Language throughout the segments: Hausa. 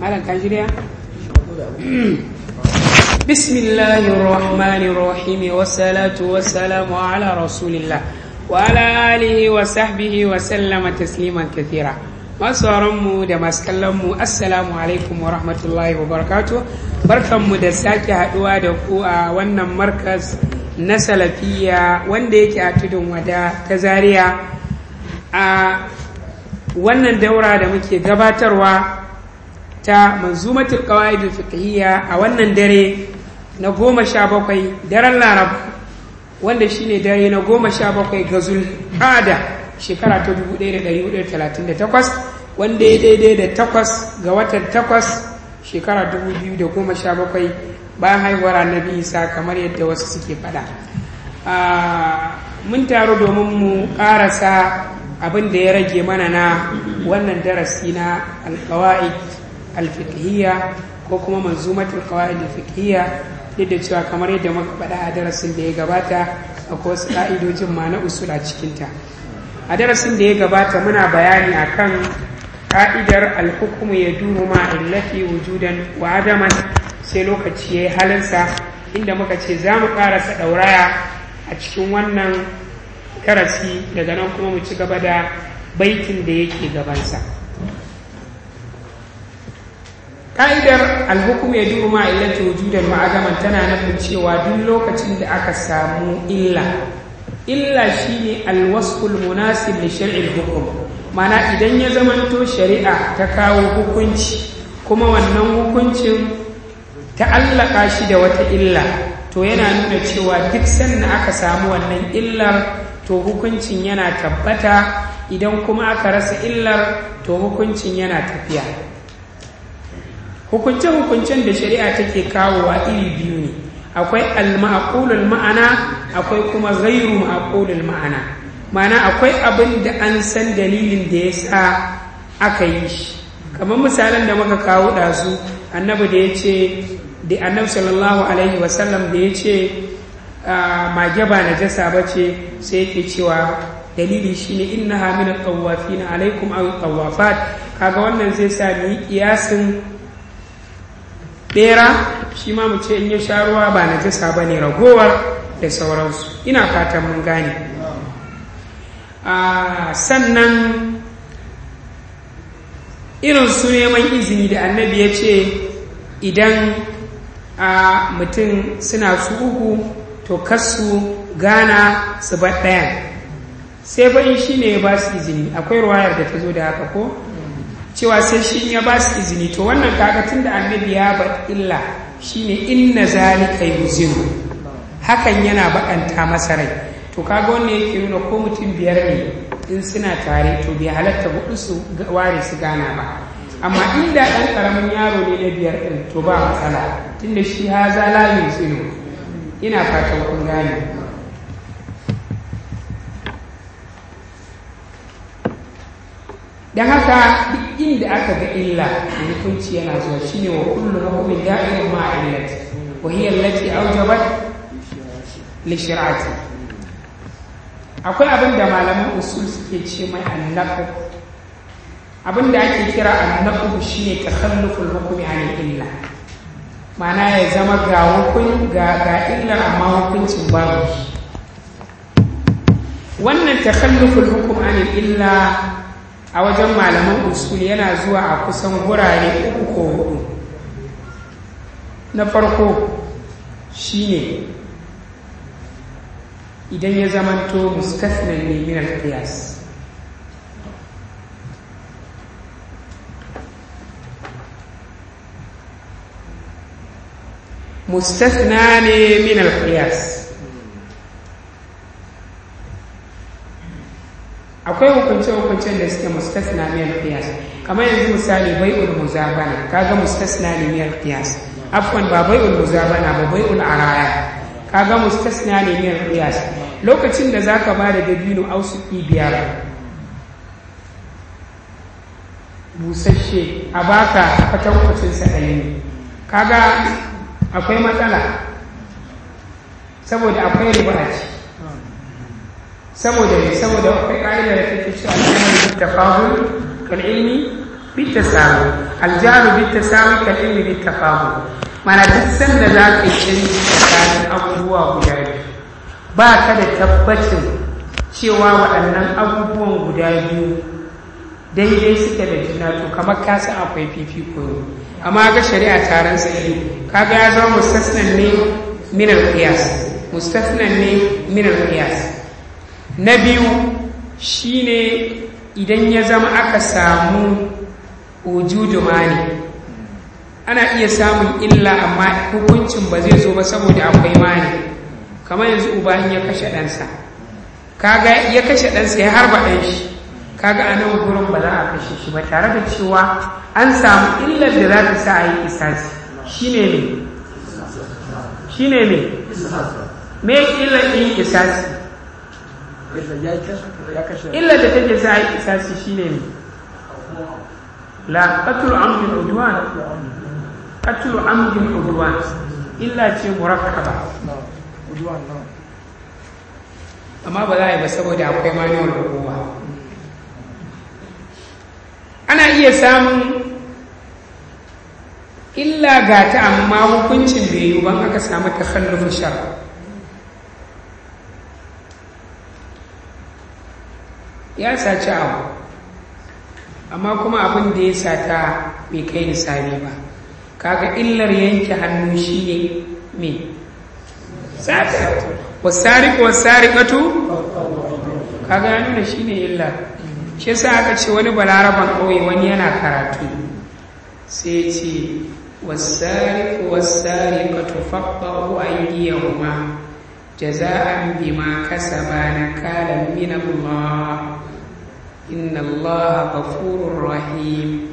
amfani da malam ka بسم الله الرحمن الرحيم والصلاة والسلام على رسول الله وعلى آله وصحبه وسلم تسليما كثيرا mu da masu kallonmu assalamu alaikum wa wa barakatu barkanmu da sake haduwa da ku a wannan markas na salafiya wanda yake a tudun wada ta zaria a wannan daura da muke gabatarwa ta manzumatul qawaidul fiqhiyya a wannan dare na goma sha bakwai daren larab wanda shine dare na goma sha bakwai ga zulhada shekara ta takwas wanda ya daidai da takwas ga watan takwas shekara dubu biyu da goma sha bakwai, bayan haihuwar annabi isa kamar yadda wasu suke fada mun taru domin mu karasa abin da ya rage mana na wannan darasi na alkawa'id alfiqhiyya ko kuma manzumatul qawa'id alfiqhiyya duk da cewa kamar yadda muka faɗa a darasin da ya gabata a wasu ƙa'idojin ma na usul cikinta a darasin da ya gabata muna bayani akan ka'idar alhukumu ya duru ma illati wujudan wa adaman sai lokaci ya yi halinsa inda muka ce za mu ƙarasa ɗauraya a cikin wannan darasi daga nan kuma mu ci gaba da baitin da yake gabansa ka'idar alhukum ya duru ma illati wujudan ma'adaman tana nufin cewa duk lokacin da aka samu illa illa shi shine alwasful munasib da shari'ar hukum mana idan ya zamanto shari'a ta kawo hukunci kuma wannan hukuncin ta'allaka shi da wata illa to yana nuna cewa duk sannan aka samu wannan illar to hukuncin yana tabbata idan kuma aka rasa illar to hukuncin yana tafiya hukunce-hukuncen da shari'a take kawowa iri biyu ne akwai al ma'ana akwai kuma zairu ma'aqulul ma'ana ma'ana akwai abin da an san dalilin da ya sa aka yi shi kamar misalin da muka kawo ɗazu annabi da ya ce da annabi sallallahu alaihi wasallam da ya ce mage ba jasa ba ce sai yake cewa dalili shine inna hamina min at alaikum aw kaga wannan zai sa ni kiyasin bera shi ma mu ce in ya sha ruwa ba jasa ba ne ragowa da sauransu ina fatan mun gane sannan irin su neman izini da annabi ya ce idan a mutum suna su uku to kasu gana su ba ɗaya sai ba in shi ne ya ba su izini akwai ruwayar da ta zo da haka ko cewa sai shi ya ba su izini to wannan kaga tun da annabi ya bar illa shine inna zalika yuziru hakan yana baɗanta masa rai to kaga wannan yake nuna ko mutum biyar ne in suna tare to bai halatta hudu su ware su gana ba amma inda ɗan ƙaramin yaro ne na biyar ɗin to ba matsala tunda shi zala la zinu. ina fatan kun gane da haka duk inda aka ga illa da hukunci yana zuwa shine wa kullum hukumin da'irin ma wa hiyar lati awjabat lishirati akwai abin da malaman usul suke ce mai annaku abin da ake kira annaku shine tasalluful hukumi an illa mana ya zama ga illar illa amma hukuncin babu wannan takhalluful hukum illa a wajen malaman usul yana zuwa a kusan gurare uku ko hudu na farko shi ne idan ya zamanto mustathnan ne min mustafna ne min alqiyas akwai hukunce hukuncen da suke mustafna min alqiyas kamar yanzu misali ul muzabana kaga mustasna ne min alqiyas afwan ba bai ul muzabana ba bai ul araya kaga mustasna ne min alqiyas lokacin da zaka da dabino ausuki biyar busasshe a baka fatankwacin sa ɗaya kaga akwai matsala saboda akwai riba a ci saboda ne saboda akwai ƙa'ida da take cewa aljaru bi tafahum kal ilmi bi tasawu aljaru bi tasawu kal ilmi bi tafahum mana duk sanda za ka yi canji tsakanin abubuwa guda biyu ba ka da tabbacin cewa waɗannan abubuwan guda biyu daidai suke da juna to kamar ka san akwai fifiko ne amma ga shari'a taron sa kaga ya zama mustasnan ne min al-qiyas mustasnan ne min al-qiyas na biyu shine idan ya zama aka samu wujudu mani ana iya samun illa amma hukuncin ba zai zo ba saboda akwai mani kamar yanzu uba ya kashe ɗansa kaga ya kashe ɗansa ya harba ɗan shi kaga a nan gurin ba za a kashe shi ba tare da cewa an samu illar da za ta sa a yi isasi shine ne shine ne me illar yin isasi illar da take sa a yi isasi shine ne la katul amgin udwan katul amgin udwan illa ce murakkaba ba amma ba za a yi ba saboda akwai manuwar hukuma ana iya samun illa ga ta amma hukuncin bai yi ban aka samu ta hannun shara ya saci abu amma kuma abin da ya sata bai kai nisani ba kaga illar yanke hannu shi ne mai sata wasari wasari kato kaga ya nuna shi ne illar shi sa aka ce wani balaraban ƙauye wani yana karatu sai ya ce za a bi ma kasa ba na kalan mina Allah inna Allah furun rahim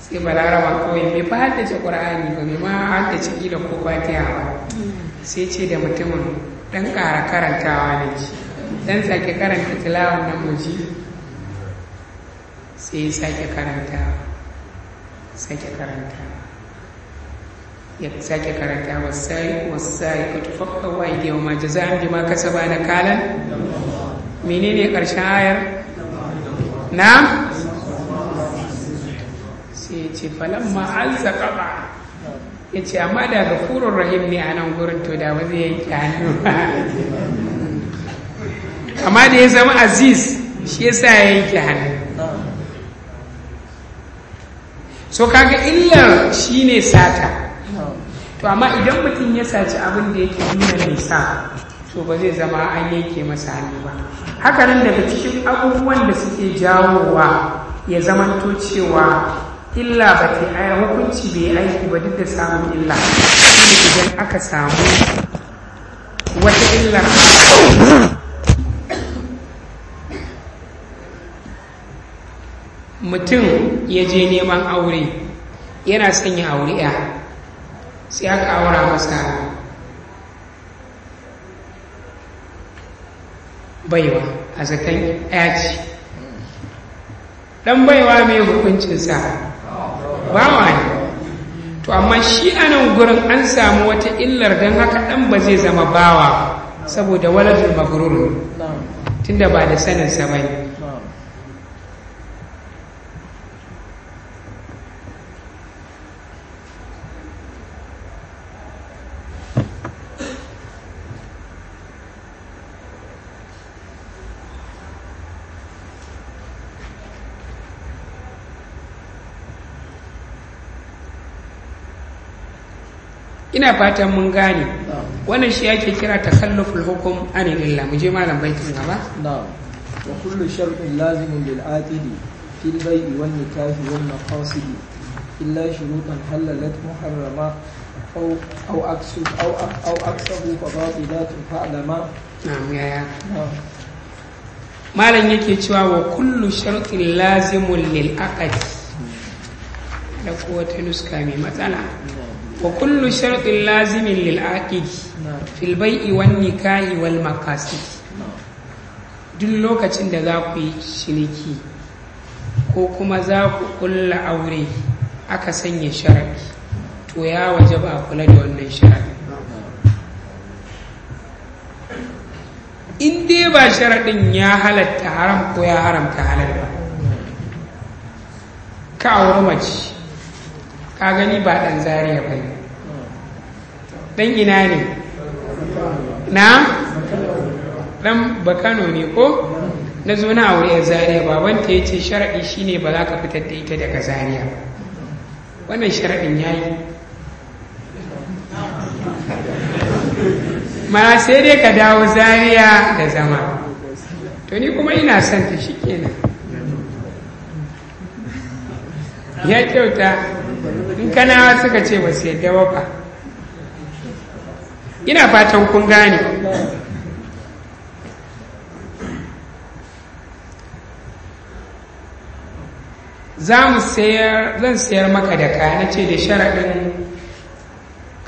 sai balaraban kawai bai ba haddace ƙur'ani ba mai ma haddace ƙila ko fatiha ba sai ce da mutumin dan ƙara karantawa ne ci dan sake karanta tilawan nan muji sai sake karantawa sake karantawa ya sake karanta wasai wasai ka tufaffa wa idiyo ma jaza'an bi ma kasaba na kalan menene ƙarshen ayar na sai ce falamma alzaqaba ya ce amma da gafurun rahim ne a nan gurin to da ba zai yanke hannu amma da ya zama aziz shi ya sa ya yanke hannu so kaga illar shi ne sata to amma idan mutum ya saci abin da yake nuna mai sa to ba zai zama an yanke masa hannu ba hakanan daga cikin abubuwan da suke jawowa ya zamanto cewa illa ba ta aya hukunci bai aiki ba duk da samun illa ne idan aka samu wata illar mutum ya je neman aure yana son ya aure ya sai aka aura masa baiwa a zakan ya ce ɗan baiwa mai hukuncinsa bawa ne to amma shi a nan gurin an samu wata illar don haka ɗan ba zai zama bawa saboda magurur tun tunda ba da sanin sa bane ina fatan mun gane wannan shi ake kira takalluful hukum anil illa mu je malam baitin gaba wa kullu shartin lazimun lil atidi fil bai'i wan nikahi wan maqasid illa shurutan halalat muharrama aw aw aksu aw aw aksu fa batilatun fa'lama na'am ya malam yake cewa wa kullu shartin lazimun lil aqdi da ko wata nuska mai matsala wa kullu sharɗin lazimin lil aqidi fil bai'i wan duk lokacin da za ku yi ciniki ko kuma za ku ƙulla aure aka sanya sharaɗi to ya waje ba a kula da wannan sharaɗi in dai ba sharaɗin ya halatta haram ko ya haramta halar ba ka aure mace ka gani ba ɗan zariya ba ne ɗan ina ne na ɗan bakano ne ko na zo na aure yar zariya babanta ya ce sharaɗi shine ba za ka fitar da ita daga zariya wannan sharaɗin ya yi mara sai dai ka dawo zariya da zama to ni kuma ina son ta shi kenan ya kyauta in kana suka ce ba su yadda ba ina fatan kun gane za mu sayar zan sayar maka da ka na ce da sharaɗin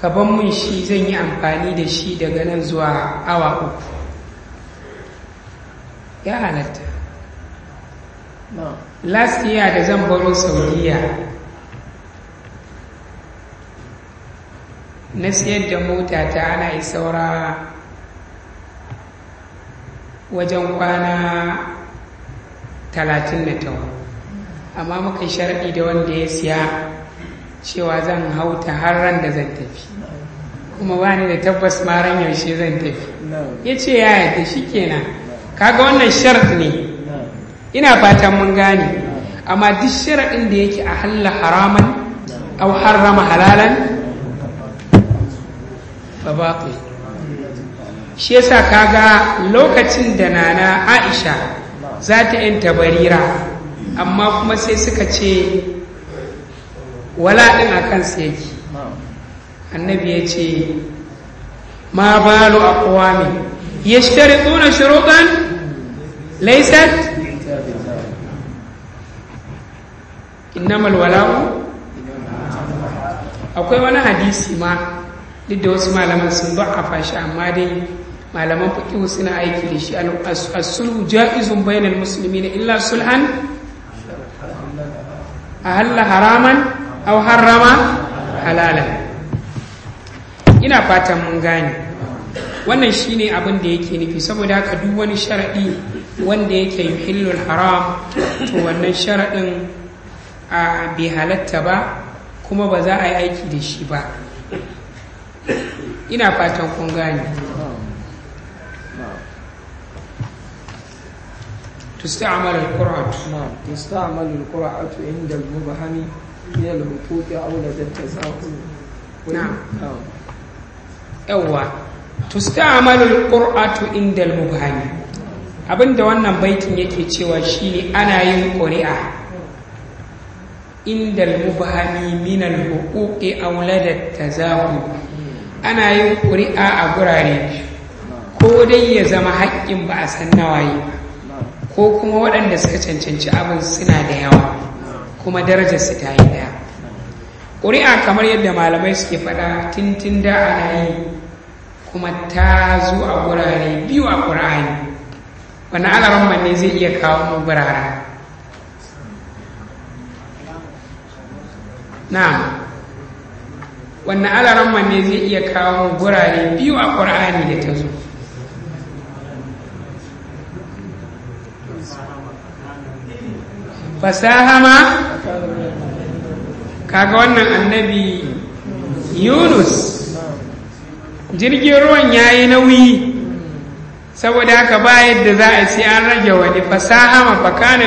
kaban mun shi zan yi amfani da shi daga nan zuwa awa uku ya halatta last year da zan baro saudiya na siyar da mota ta ana saura wajen kwana talatin da amma muka sharaɗi da wanda ya siya cewa zan hau ta har ran da zan tafi kuma ba ni da tabbas ma ran yaushe zan tafi ya ce ya yadda shi kenan kaga wannan shart ne ina fatan mun gane amma duk sharaɗin da yake a halla haraman au harrama halalan fa shi yasa kaga lokacin da nana Aisha za ta yin tabarira amma kuma sai suka ce wala a akan sai yake annabi ya ce ma ba a kowa balu aqwami tsona shurutan laisat innamal wala'u akwai wani hadisi ma duk da wasu malaman sun ba'afa fashi amma dai malaman fiƙihu suna aiki da shi as-sulhu ja'izun bainal muslimina illa sulhan ahalla haraman aw harrama halalan ina fatan mun gane wannan shine abin da yake nufi saboda haka duk wani sharadi wanda yake yuhillul haram to wannan sharadin a bai halatta ba kuma ba za a yi aiki da shi ba ina fatan kun gani تستعمل القرعة نعم تستعمل القرعة عند المبهم من الحقوق أو لدى التساهل نعم يوا تستعمل القرعة عند المبهم abinda wannan baitin yake cewa ne ana yin ƙuri'a inda al-mubhami min al-huquqi aw tazahum ana yin ƙuri'a a gurare ko dai ya zama haƙƙin ba a san nawaye ba ko kuma waɗanda suka cancanci abin suna da yawa kuma su ta yi ɗaya ƙuri'a kamar yadda malamai suke faɗa tintin da ana yi kuma ta zo a gurare biyu a ƙura'ayi wani al'aman ne zai iya kawo mu gurara na'am wannan alaran ne zai iya kawo gurare biyu a ƙur'ani da ta zo fasaha ma kaga wannan annabi yunus jirgin ruwan ya yi nauyi saboda haka ba yadda za a sai an rage wani fasaha ma fakana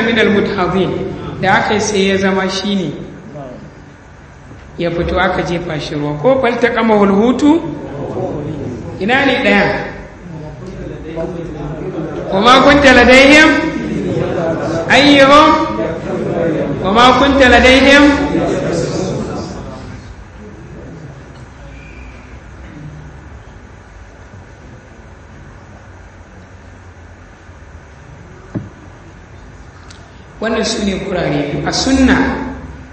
da aka sai ya zama shine ya fito aka jefa shi ruwa ko falta kama hulhutu ina ne ɗaya kuma kun tala ladaihim Ayyuhu? kuma kun tala ladaihim wannan su ne kurare a sunna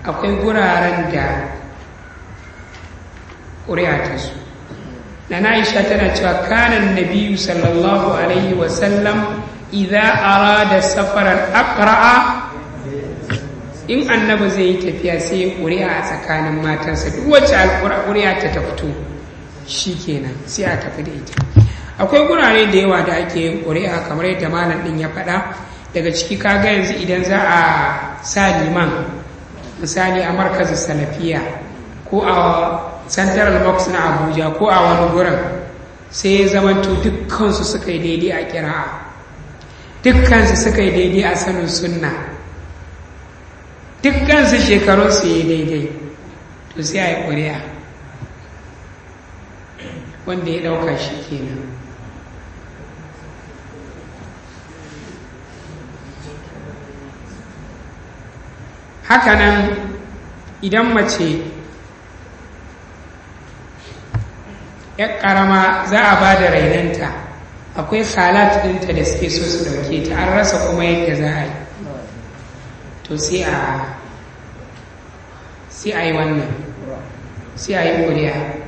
akwai guraren da ƙuri'a ta su na aisha tana cewa kanan nabiyu sallallahu alaihi wasallam ara da safarar afra'a. in annaba zai yi tafiya sai ya ƙuri'a a tsakanin matansa duk wacce ƙuri'a ta ta fito shi kenan sai a tafi da ita akwai gurare da yawa da ake yin ƙuri'a kamar yadda malam ɗin ya faɗa daga ciki kaga yanzu idan za a sa liman misali a markazin salafiya ko a central box na abuja ko a wani gurin sai ya zamanto dukkansu suka yi daidai a kira'a dukkansu suka yi daidai a sanin sunna dukkansu shekarun su yi daidai to sai a yi ƙuri'a wanda ya ɗauka shi kenan Haka nan, idan mace yar ƙarama za a ba da rainanta akwai salat ɗinta da suke so su ɗauke ta an rasa kuma yadda za a yi to sai a yi wannan sai a yi ƙuri'a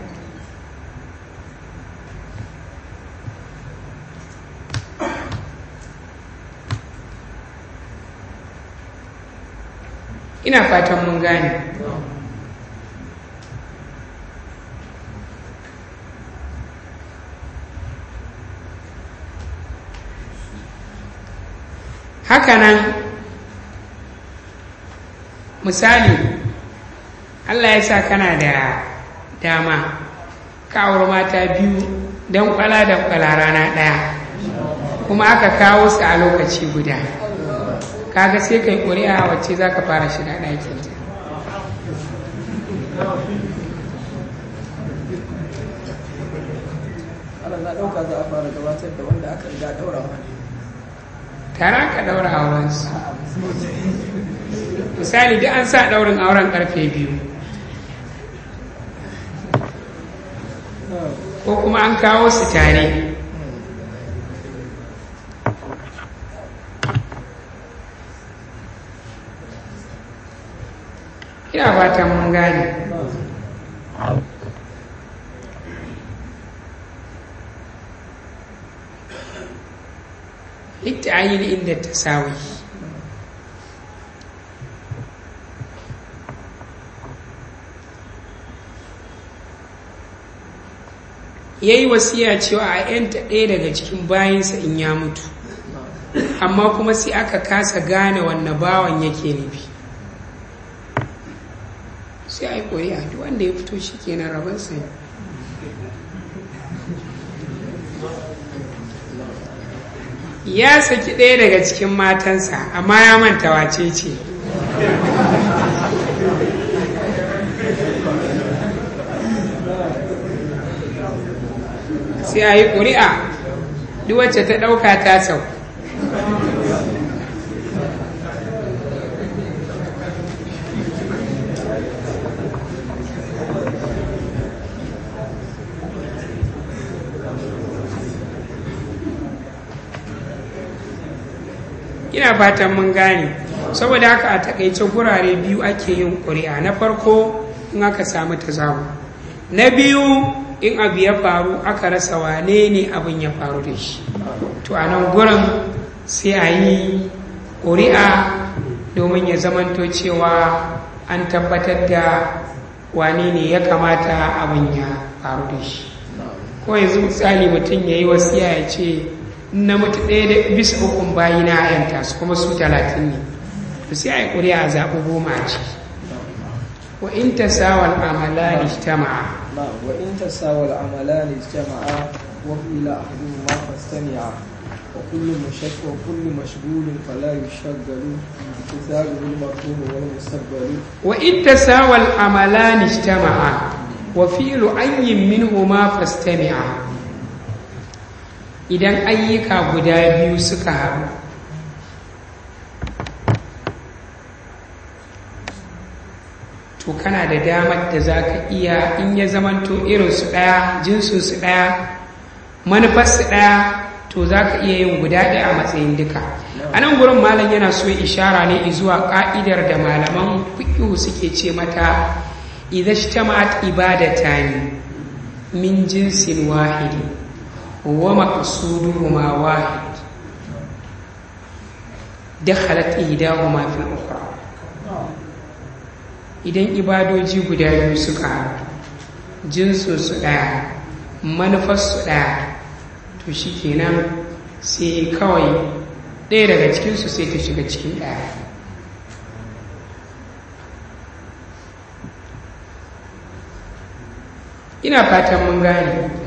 ina fatan mun gane hakanan misali allah ya sa kana da dama ka auri mata biyu don kwala da kwala rana daya kuma aka kawo su a lokaci guda kaga sai kai ƙuri'a wacce za ka fara shiga ɗakin Allah na za a fara gabatar da wanda aka riga daura wani tara ka daura aurensu misali duk an sa ɗaurin auren karfe biyu ko kuma an kawo su tare ina fatan mun gane litta'ayin inda التساوي ya yi wasiya cewa a yanta ɗaya daga cikin bayansa in ya mutu amma kuma sai aka kasa gane wanne bawan yake nufi sai a yi ƙuri'a duk wanda ya fito shi kenan rabansa ne ya saki ɗaya daga cikin matansa amma ya manta wace ce sai a yi ƙuri'a duk wacce ta ɗauka ta sauka fatan mun gane saboda haka a takaice gurare biyu ake yin ƙuri'a na farko in aka samu ta zamu na biyu in abu ya faru aka rasa wane ne abin ya faru da shi to a nan gurin sai a yi ƙuri'a domin ya zamanto cewa an tabbatar da wane ne ya kamata abin ya faru da shi ko yanzu misali mutum ya yi wasiya ya ce na mutu ɗaya da bisa ukun bayi na ayanta su kuma su talatin ne to sai a yi ƙuri'a a zaɓi goma a ci wa in ta sawal amala ne ta ma'a wa in ta sawal amala ne ta ma'a wa ila ahadu ma fastaniya wa kullu mashaq wa kullu mashghulin fala yushaghalu kitabu bil maqdum wani musabbalu wa in ta sawal amala ne ta ma'a wa fi'lu ayyin minhuma fastaniya idan ayyuka guda biyu suka haɗu to kana da damar da za ka iya in ya zamanto irinsu ɗaya jinsinsu ɗaya manufarsu ɗaya to za ka iya yin guda ɗaya a matsayin duka a nan gurin malam yana so ishara ne zuwa ƙa'idar da malaman fiƙihu suke ce mata shi ta ta ibadatani min jinsin wahidi wa maqsuduhuma wahid dakhalat ihdahuma fil ukhra idan ibadoji guda biyu suka haɗu jinsu su ɗaya manufar su ɗaya to nan, sai kawai ɗaya daga cikinsu sai ta shiga cikin ɗaya ina fatan mun gane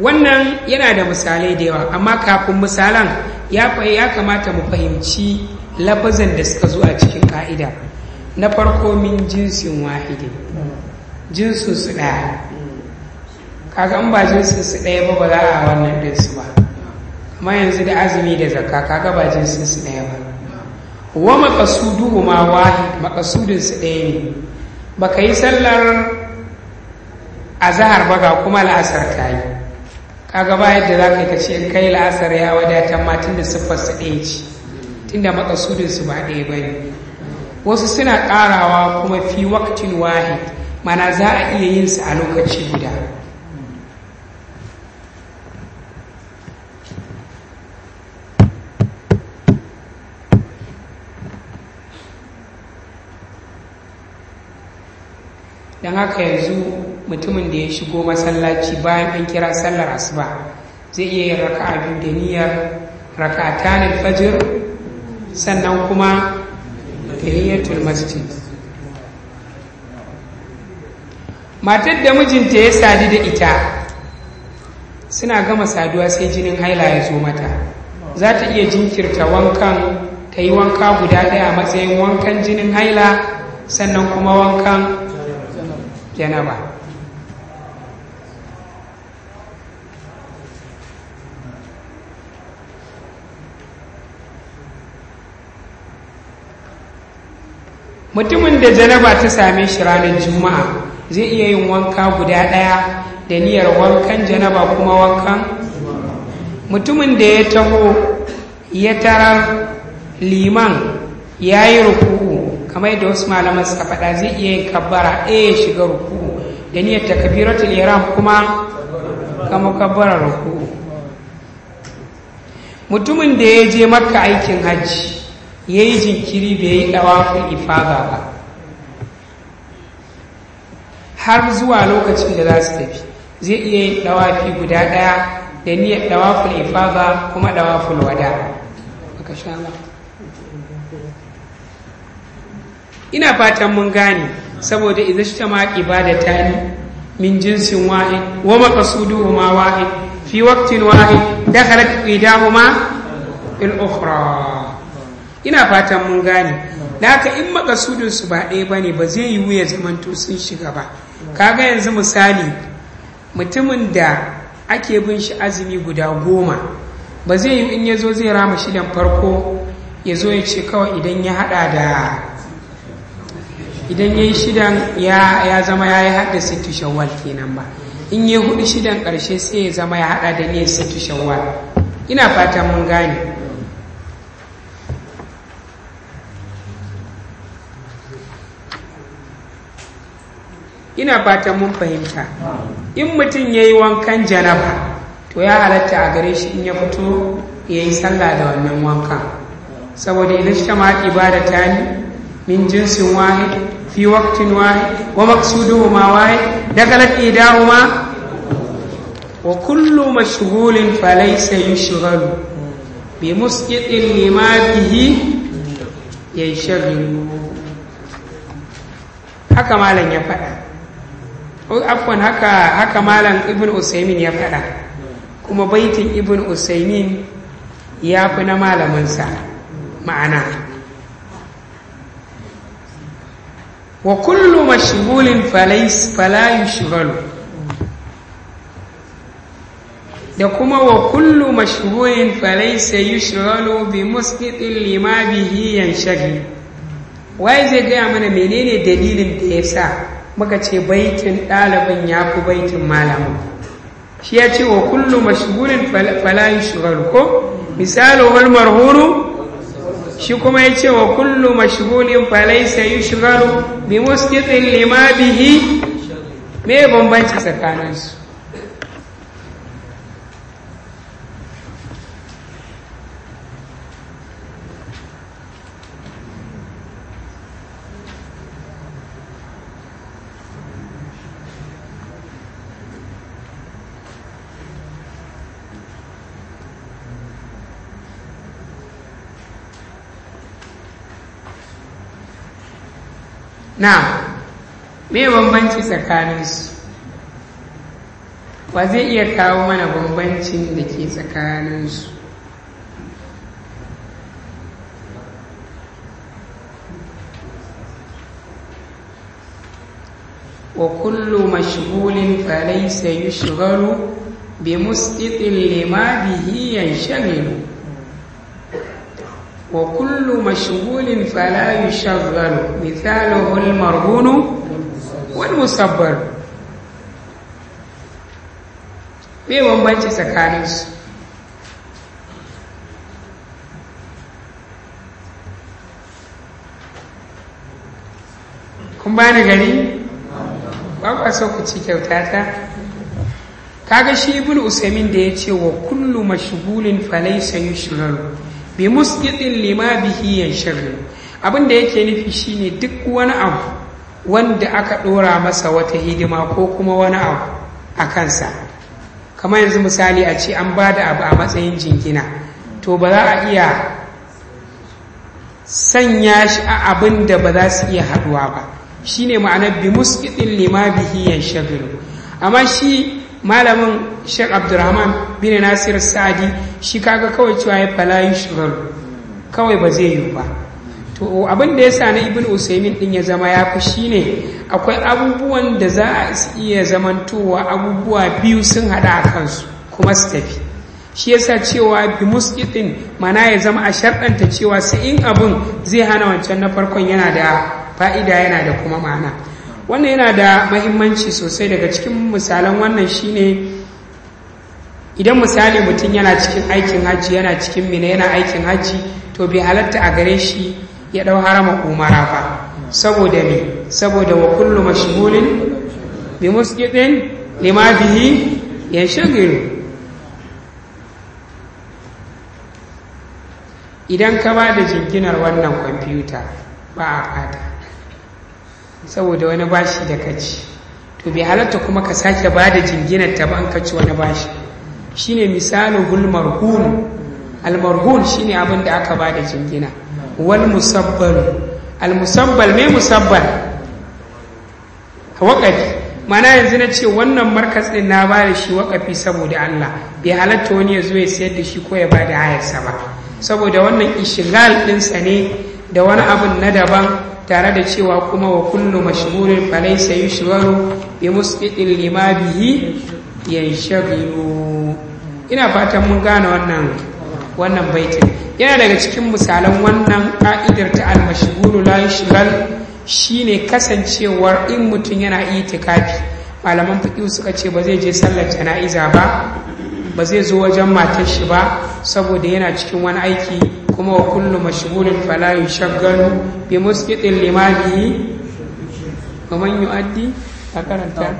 wannan yana da misalai da yawa amma kafin misalan ya kamata mu fahimci lafazan da suka zuwa cikin ka'ida na farko min jinsin wahidi jinsin su ɗaya kaga in ba jinsin su ɗaya ba ba za a wannan su ba amma yanzu da azumi da zakka kaga ba jinsin su ɗaya ba wa makasuduhu ma wahid makasudin su ɗaya ne baka yi sallar azahar ba ga kuma la'asar ta yi kaga ba yadda za ka yi kace kai la'asar ya wadatar ma tunda siffar su ɗaya ce tunda makasudin su ba ɗaya ba ne wasu suna ƙarawa kuma fi waktin wahid mana za a iya yin su a lokaci guda don haka yanzu mutumin da ya shigo masallaci bayan an kira sallar asuba zai iya yin raka'a biyu da niyyar ne fajir sannan kuma tahiyyatul masjid matar da mijinta ya sadu da ita suna gama saduwa sai jinin haila ya zo mata za ta iya jinkirta wankan ta yi wanka guda ɗaya matsayin wankan jinin haila sannan kuma wankan janaba mutumin da janaba ta same shi ranar juma'a zai iya yin wanka guda ɗaya da niyyar wankan janaba kuma wankan mutumin da ya taho ya tarar liman ya yi rukuku kamar da wasu malaman suka faɗa zai iya yin kabbara ɗaya ya shiga rukuku da niyyar takabiratul iram kuma kama kabbara rukuku mutumin da ya je makka aikin hajji ya yi jinkiri bai yi ɗawafin ifada ba har zuwa lokacin da za su tafi zai iya yin ɗawafi guda ɗaya da niyyar ɗawafin ifada kuma ɗawafin wada sha ba ina fatan mun gane saboda izishtama ibadatani من جنس واحد ومقصودهما واحد في وقت واحد دخلت إحداهما ukhra ina fatan mun gane da haka in su ba ɗaya ba ne ba zai yiwu ya to sun shiga ba kaga yanzu misali mutumin da ake bin shi azumi guda goma ba zai yiwu in ya zo zai rama shidan farko ya zo ya ce kawai idan ya hada da idan ya yi shidan ya zama ya yi hada sittu shawwal kenan ba in ya hudu shidan karshe sai ya zama ya hada da ne sittu shawwal ina fatan mun gane ina fatan mun fahimta in mutum ya yi wankan janaba to ya halatta a gare shi in ya fito ya yi sallah da wannan wankan saboda ina shi ma ba ta ni min jinsin wahid fi waktin wahid wa maqsuduhuma wahid dakalat idahuma wa kullu mashghulin falaysa yushghalu bi musqitin lima bihi ya yi haka malam ya faɗa Oh, afwan haka haka malam ibn usaymin ya faɗa kuma baitin ibn usaymin ya fi na malaminsa ma'ana wa kullu mashghulin fala yushghalu da kuma wa kullu mashghulin falais yushghalu bi musqitin lima bihi yanshaghi wai zai gaya mana menene dalilin da ya sa muka ce baitin ɗaliban ya fi baitin malamu shi ya ce wa kullum mashigurin falayin shugaru ko misali walmar huru shi kuma ya ce wa kullum mashigurin falayin sayi shugaru bi muskitin lima mai me bambanci tsakaninsu na me bambanci tsakaninsu wa zai iya kawo mana bambancin da ke tsakaninsu wa kullu sai yi shigaru bi musqitin lima bihiyan yanshaghilu وكل مشغول فلا يشغل مثاله المرهون والمصبر me bambanci tsakaninsu kun bani gani ba kwa so ku ci kyauta ta kaga shi ibn usaimin da ya ce wa kullu mashghulin falaysa yushghalu bi musqitin lima bihi yanshaghil abin da yake nufi shine duk wani abu wanda aka ɗora masa wata hidima ko kuma wani abu a kansa kamar yanzu misali a ce an ba da abu a matsayin jingina to ba za a iya sanya shi a abin da ba za su iya haduwa ba shine ma'anar bi musqitin lima bihi yanshaghil amma shi malamin sheikh abdurrahman bin nasir sa'adi shi kaga kawai cewa ya fala yushghal kawai ba zai yi ba to abin da ya sa na ibn usaimin din ya zama ya fi ne, akwai abubuwan da za a iya zamantowa abubuwa biyu sun haɗa a kansu kuma su tafi shi ya sa cewa bi musqitin mana ya zama a sharɗanta cewa sai in abin zai hana wancan na farkon yana da fa'ida yana da kuma ma'ana wannan yana da mahimmanci sosai daga cikin misalan wannan shine idan misali mutum yana cikin aikin hajji yana cikin mina yana aikin hajji to bai halatta a gare shi ya ɗau harama umara ba saboda me saboda wa kullu mashghulin bi musgidin lima bihi idan ka ba da jinginar wannan kwamfuta ba a fata saboda wani bashi da ka ci to bai halatta kuma ka sake ba da jinginar ta ba ka ci wani bashi Shi ne misalin hulmarhun almarhun ne abin da aka ba da jingina wal musabbal al musabbal mai musabbal waƙafi mana yanzu na ce wannan markas ɗin na ba da shi waƙafi saboda Allah bai halatta wani ya zo ya sayar da shi ko ya ba da hayarsa ba saboda wannan ishigal ɗinsa ne da wani abin na daban tare da cewa kuma wa kullu mashhurin yi shigaru bi musqitil limabihi bihi ina fatan mun gane wannan wannan baitin yana daga cikin misalan wannan ka'idar ta al-mashghulu la yushghal shine kasancewar in mutum yana itikafi malaman fiqh suka ce ba zai je sallar jana'iza ba ba zai zo wajen matar shi ba saboda yana cikin wani aiki kuma wa kullu mashghulin falayin yushaghalu bi muskidin limami wa manyan addi a karanta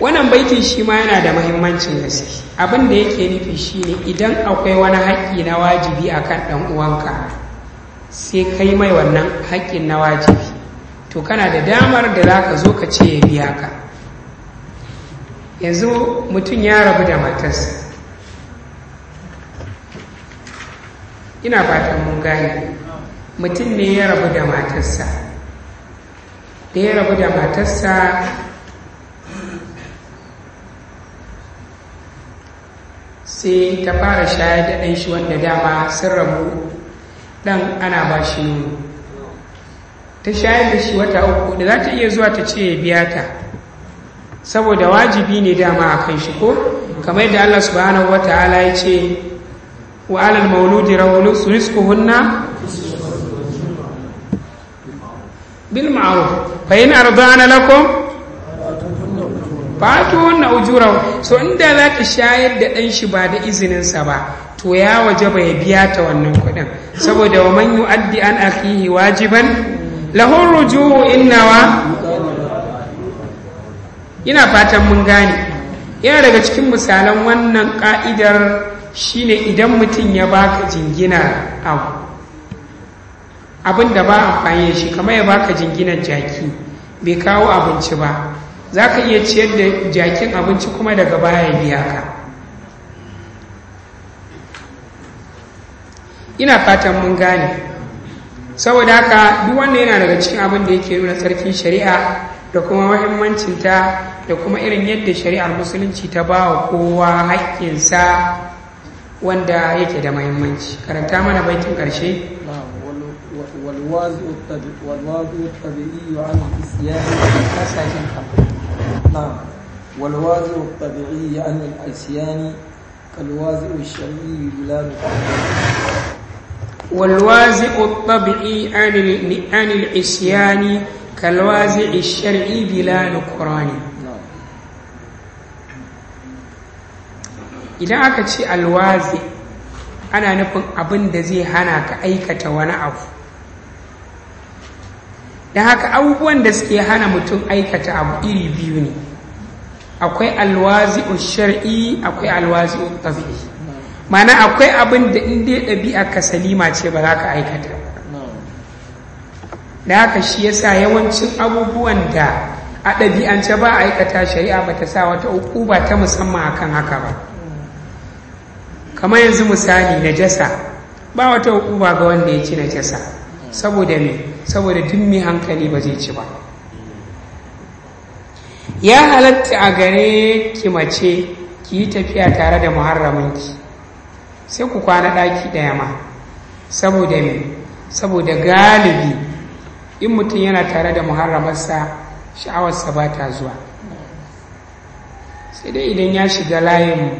wannan baikin shi ma yana da mahimmancin gaske abin da yake nufi ne idan akwai wani haƙƙi na wajibi kan ɗan uwanka sai kai mai wannan haƙƙin na wajibi to kana da damar da za ka zo ka ce ya biya ka yanzu mutum ya rabu da matarsa ina fatan mun gane mutum ne ya rabu da matarsa da ya rabu da matarsa sai ta fara shayar da ɗanshi wanda dama sun rabu ɗan ana ba shi nuno ta shayar da shi wata uku da za ta iya zuwa ta ce ya biya ta saboda wajibi ne dama a kan shi ko kamar yadda allah subhanahu wa ta'ala ya ce wa alal mauludi rahulu su hunna bil ma'ruf fa in ardana lakum fatuhun na ujura so inda za ta shayar da ɗan shi ba da izininsa ba to ya waje bai biya ta wannan kuɗin saboda wa man yu'addi an akhihi wajiban lahun in innawa ina fatan mun gane yana daga cikin misalan wannan ka'idar shine idan mutum ya baka jingina abu abinda da ba amfani shi kamar ya baka jinginan jaki bai kawo abinci ba za ka iya ciyar da jakin abinci kuma daga baya biya ka ina fatan mun gane saboda haka duk wanda yana daga cikin abin da yake nuna sarki shari'a da kuma mahimmancinta da kuma irin yadda shari'ar musulunci ta ba wa kowa haƙƙinsa wanda yake da mahimmanci karanta mana baitin ƙarshe والوازع الطبيعي عن العصيان كالوازع الشرعي بلا مقابل والوازع الطبعي عن العصيان كالوازع الشرعي بلا نكران idan aka ce alwazi ana nufin abin da zai hana ka aikata wani abu don haka abubuwan da suke hana mutum aikata abu iri biyu ne akwai alwazi shar'i akwai alwazi tabi'i mana akwai abin da inda dai ɗabi'a ka salima ce ba za ka aikata da haka shi yasa yawancin abubuwan da a ɗabi'ance ba a aikata shari'a ba ta sa wata uku ba ta musamman akan haka ba kamar yanzu misali na jasa ba wata uku ba ga wanda ya ci na jasa, saboda me saboda duk mai hankali ba zai ci ba ya halatta a gare ki mace ki yi tafiya tare da muharraminki sai ku kwana ɗaki ɗaya ma saboda me saboda galibi in mutum yana tare da muharramarsa sha'awarsa ba ta zuwa sai dai idan ya shiga layin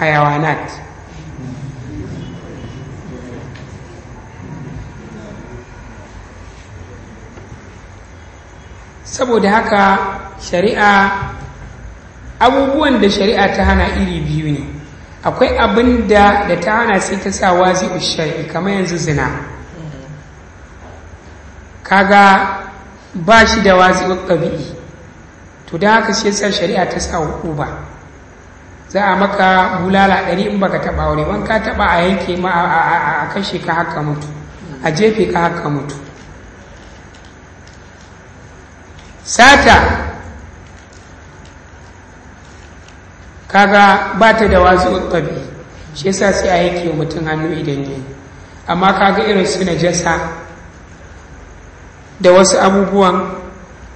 hayawanat saboda haka shari'a abubuwan da shari'a ta hana iri biyu ne akwai abin da da ta hana sai ta sa wazi ushari kamar yanzu zina kaga ba shi da wazi ɗabi'i to da haka shi yasa shari'a ta sa ba, za a maka bulala ɗari in baka taɓa aure ban ka taɓa a yanke ma a kashe ka haka mutu a jefe ka haka mutu sata kaga ba ta da wasu uttabi shi yasa sai a yake mutum hannu idan ne, amma kaga irin su na jasa da wasu abubuwan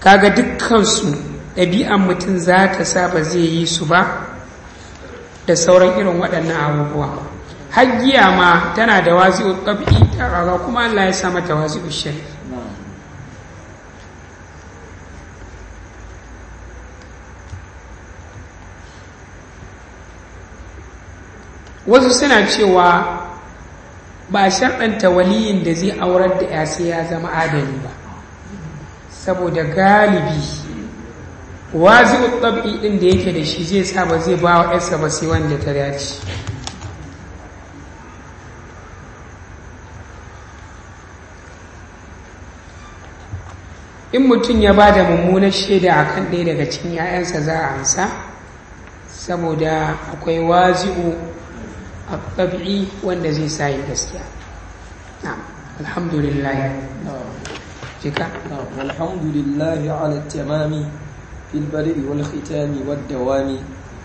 kaga dukkansu ɗabi'an mutum za ta sa ba zai yi su ba da sauran irin waɗannan abubuwa hajjiya ma tana da wasu uttabi kuma Allah ya sa mata wasu shari'a wasu suna cewa ba sharɗanta waliyin da zai aurar da ya ya zama adali ba saboda galibi wazi ɗab'i ɗin da yake da shi zai sa ba zai ba wa ‘yarsa ba sai wanda ta dace in mutum ya ba da mummunar shaida a kan ɗaya daga cikin ‘ya'yansa za a ansa saboda akwai wazi'u الطبيعي wanda zai sa yin gaskiya na'am alhamdulillah jika alhamdulillah ala tamami fil bari wal khitami wad dawami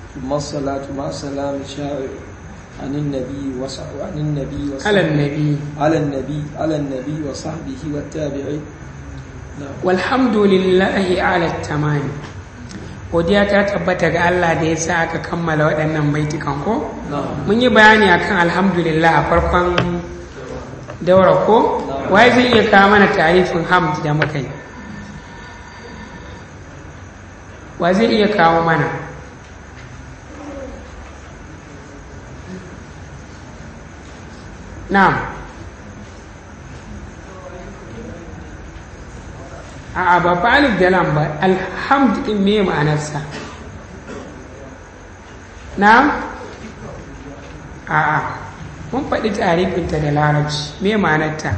ثم الصلاة مع سلام الشاعر عن النبي وصحبه عن النبي وصحبه على النبي على النبي على النبي وصحبه والتابعين والحمد لله على التمام godiya ta tabbata ga Allah da ya sa aka kammala waɗannan baitukan ko mun yi bayani akan alhamdulillah a farkon daura ko wai zai iya kawo mana tarifin hamd da muka yi wa zai iya kawo mana na'am a'a ba fa alif da lam ba alhamd din me ma'anarsa na a'a mun faɗi tarifinta da larabci me ma'anarta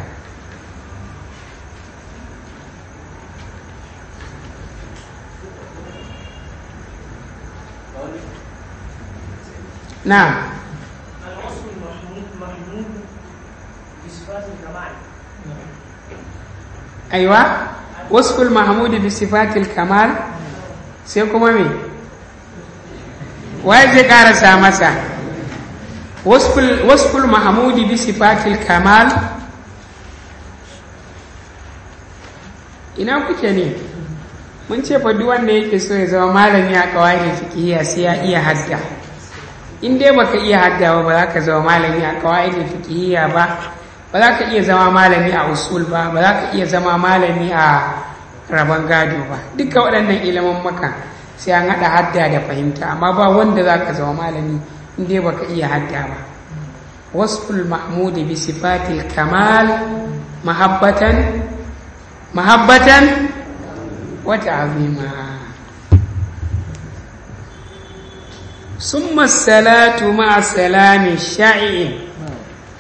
na أيوة wasful mahmudi bi sifatil kamal sai kuma me waye zai karasa masa wasful mahmudi bi sifatil kamal ina kuke ne mun ce faɗi wanda yake so ya zama malami a kawai fiqhiyya sai ya iya hadda in dai baka iya hadda ba ba za ka zama malami a kawai ya ba ba za ka iya zama malami a usul ba ba za ka iya zama malami a rabon gado ba duka waɗannan ilimin maka sai an haɗa hadda da fahimta amma ba wanda za ka zama malami inda ba ka iya hadda ba wasful mahmudu bi sifatil kamal mahabbatan mahabbatan wata azima summa salatu ma salami sha'i'in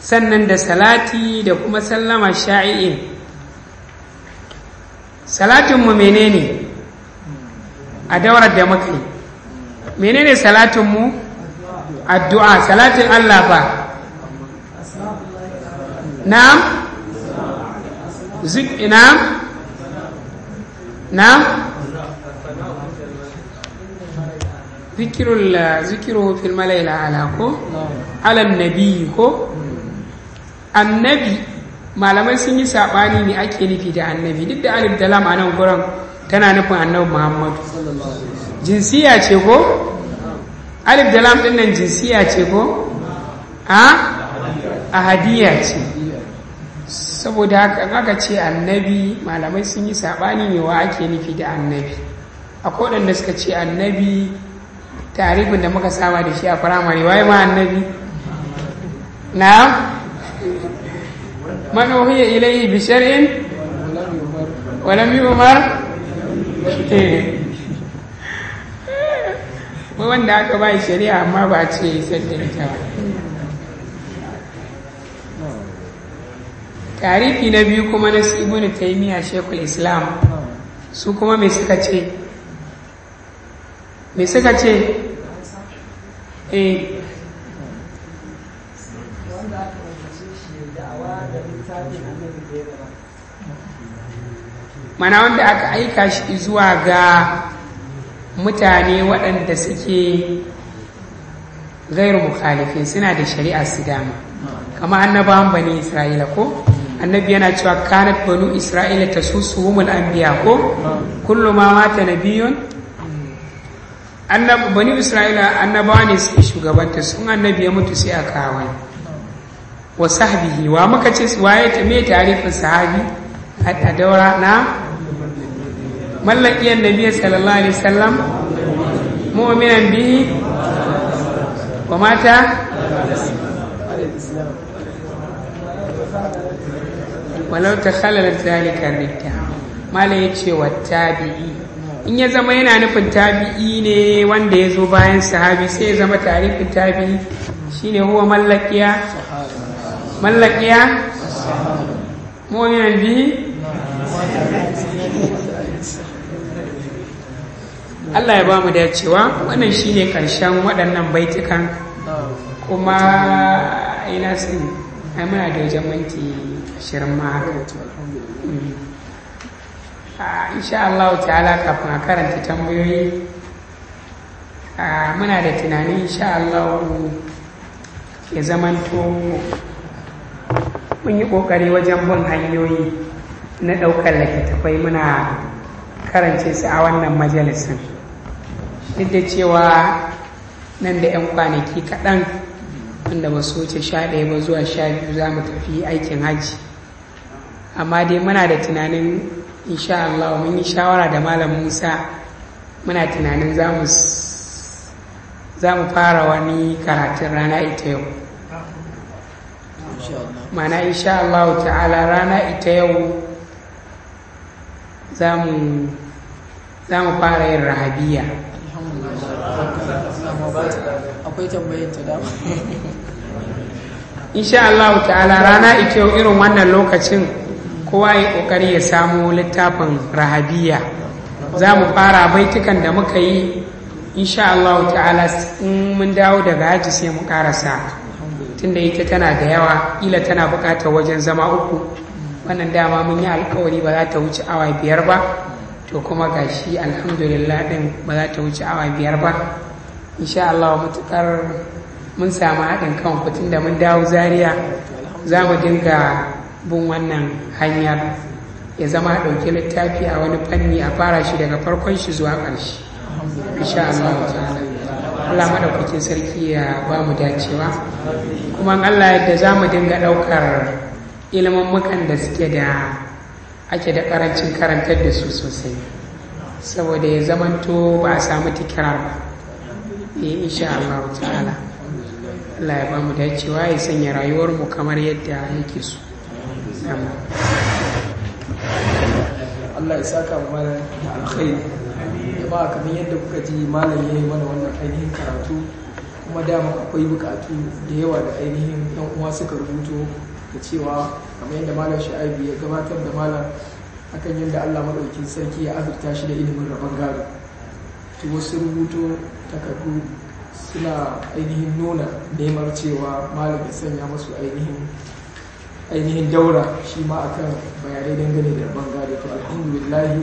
sannan da salati da kuma sallama sha'i'in salatinmu menene a daurar da muka yi menene salatinmu addu'a salatin allah ba na'am zik Na? na'am zikirul zikirul fil malayla ala ko ala nabi ko annabi malamai sun yi saɓani ne ake nufi da annabi duk da alif da lam a nan gurin tana nufin annabi muhammadu jinsiya ce ko alif da lam ɗin nan jinsiya ce ko a ahadiya ce saboda haka ce annabi malamai sun yi saɓani ne wa ake nufi da annabi a akwai da suka ce annabi tarifin da muka saba da shi a firamare waye ma annabi na man uhiya ilayhi bi shar'in wa lam yu'mar ko wanda aka ba shari'a amma ba ce isar da ba tarihi na biyu kuma na ibn taymiya shekul islam su kuma mai suka ce me suka ce eh mana wanda aka aika shi zuwa ga mutane waɗanda suke gairu mukhalifi suna da shari'a su dama kama annabawan bani isra'ila ko annabi yana cewa kanat banu isra'ila tasusuhumul anbiya ko kullum ma mata biyun annabi bani isra'ila annabawa ne suke shugabanta sun annabi ya mutu sai a kawai wa sahbihi wa muka ce waye ta me tarifin sahabi a daura na من لقي النبي صلى الله عليه وسلم مؤمنا به ومات walau ta khalalar zalika bidda mala ya ce wa tabi'i in ya zama yana nufin tabi'i ne wanda ya zo bayan sahabi sai ya zama tarifin tabi'i shine huwa mallakiya mallakiya mu'minan bi allah ya ba mu dacewa wannan shi ne ƙarshen waɗannan baitukan kuma ina sun ai muna da wajen minti ashirin ma haka mm. ah, insha Allah ta'ala kafin a karanta tambayoyi ah, muna da tunanin insha Allah ya zamanto mun yi ƙoƙari wajen bin hanyoyi na ɗaukar littattafai muna karance su a wannan majalisin duk da cewa nan da 'yan kwanaki kaɗan wanda ba su wuce sha ɗaya ba zuwa sha biyu za mu tafi aikin hajji amma dai muna da tunanin insha Allah mun yi shawara da malam Musa muna tunanin za mu fara wani karatun rana ita yau mana insha Allah ta'ala rana ita yau za mu fara yin rahabiya akwai tambayin ta dama insha Allah ta'ala rana ita irin wannan lokacin kowa ya kokari ya samu littafin rahabiya za mu fara baitukan da muka yi insha Allah ta'ala in mun dawo daga haji sai mu karasa tunda ita tana da yawa ila tana bukatar wajen zama uku wannan dama mun yi alkawari ba za ta wuce awa biyar ba to kuma ga shi alhamdulillah din ba za ta wuce awa biyar ba insha Allah matukar mun samu haɗin kan kutun da mun dawo Zariya za mu dinga bin wannan hanyar ya zama ɗauki littafi a wani fanni a fara shi daga farkon shi zuwa ƙarshe insha Allah Allah maɗaukacin sarki ya ba mu dacewa kuma Allah yadda za mu dinga ɗaukar ilimin mukan da suke da ake da karancin karantar da su sosai saboda ya zamanto ba a samu tikirar ba eh insha Allah ta'ala Allah ya bamu dacewa ya sanya rayuwar mu kamar yadda yake so Allah ya saka mu malam da alkhairi ya ba kamar yadda kuka ji malam yi mana wannan ainihin karatu kuma dama akwai bukatu da yawa da ainihin yan uwa suka rubuto da cewa kamar yadda malam sha'aibu ya gabatar da malam akan yadda Allah maɗaukin sarki ya azurta shi da ilimin rabon gado to wasu rubuto takardu suna ainihin nuna neman cewa malar ya sanya masu ainihin ainihin daura shi ma akan bayanai dangane da rabon gado to alhamdulillah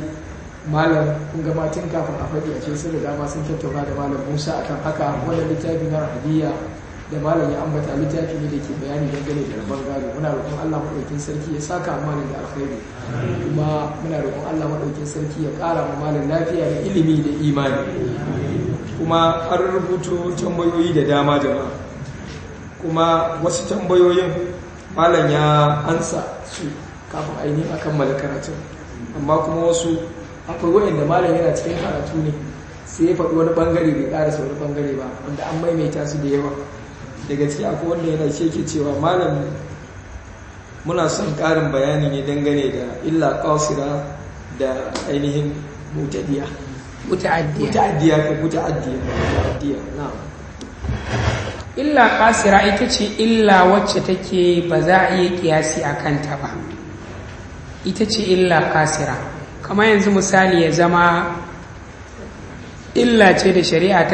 malam kun gabatin kafin a faɗi a ce sun da dama sun tattauna da malam musa akan haka wannan littafi na hadiyya da malam ya ambata littafi ne da ke bayani dangane da rabon gado muna roƙon Allah maɗaukin sarki ya saka malam da alkhairi kuma muna roƙon Allah maɗaukin sarki ya ƙara ma malam lafiya da ilimi da imani kuma har rubuto tambayoyi da dama jama'a kuma wasu tambayoyin malam ya ansa su kafin aini a kammala karatun amma kuma wasu akwai waɗanda malam yana cikin karatu ne sai ya faɗi wani ɓangare bai ƙarasa wani bangare ba wanda an maimaita su da yawa daga ciki akwai wanda yana ce ke cewa malam muna son ƙarin bayani ne dangane da illa ƙasira da ainihin mutadiya mutadiya muta'addiya ko mutadiya muta'addiya na'am illa ƙasira ita ce illa wacce take ba za a yi kiyasi a kanta ba ita ce illa ƙasira kamar yanzu misali ya zama illa ce da shari'a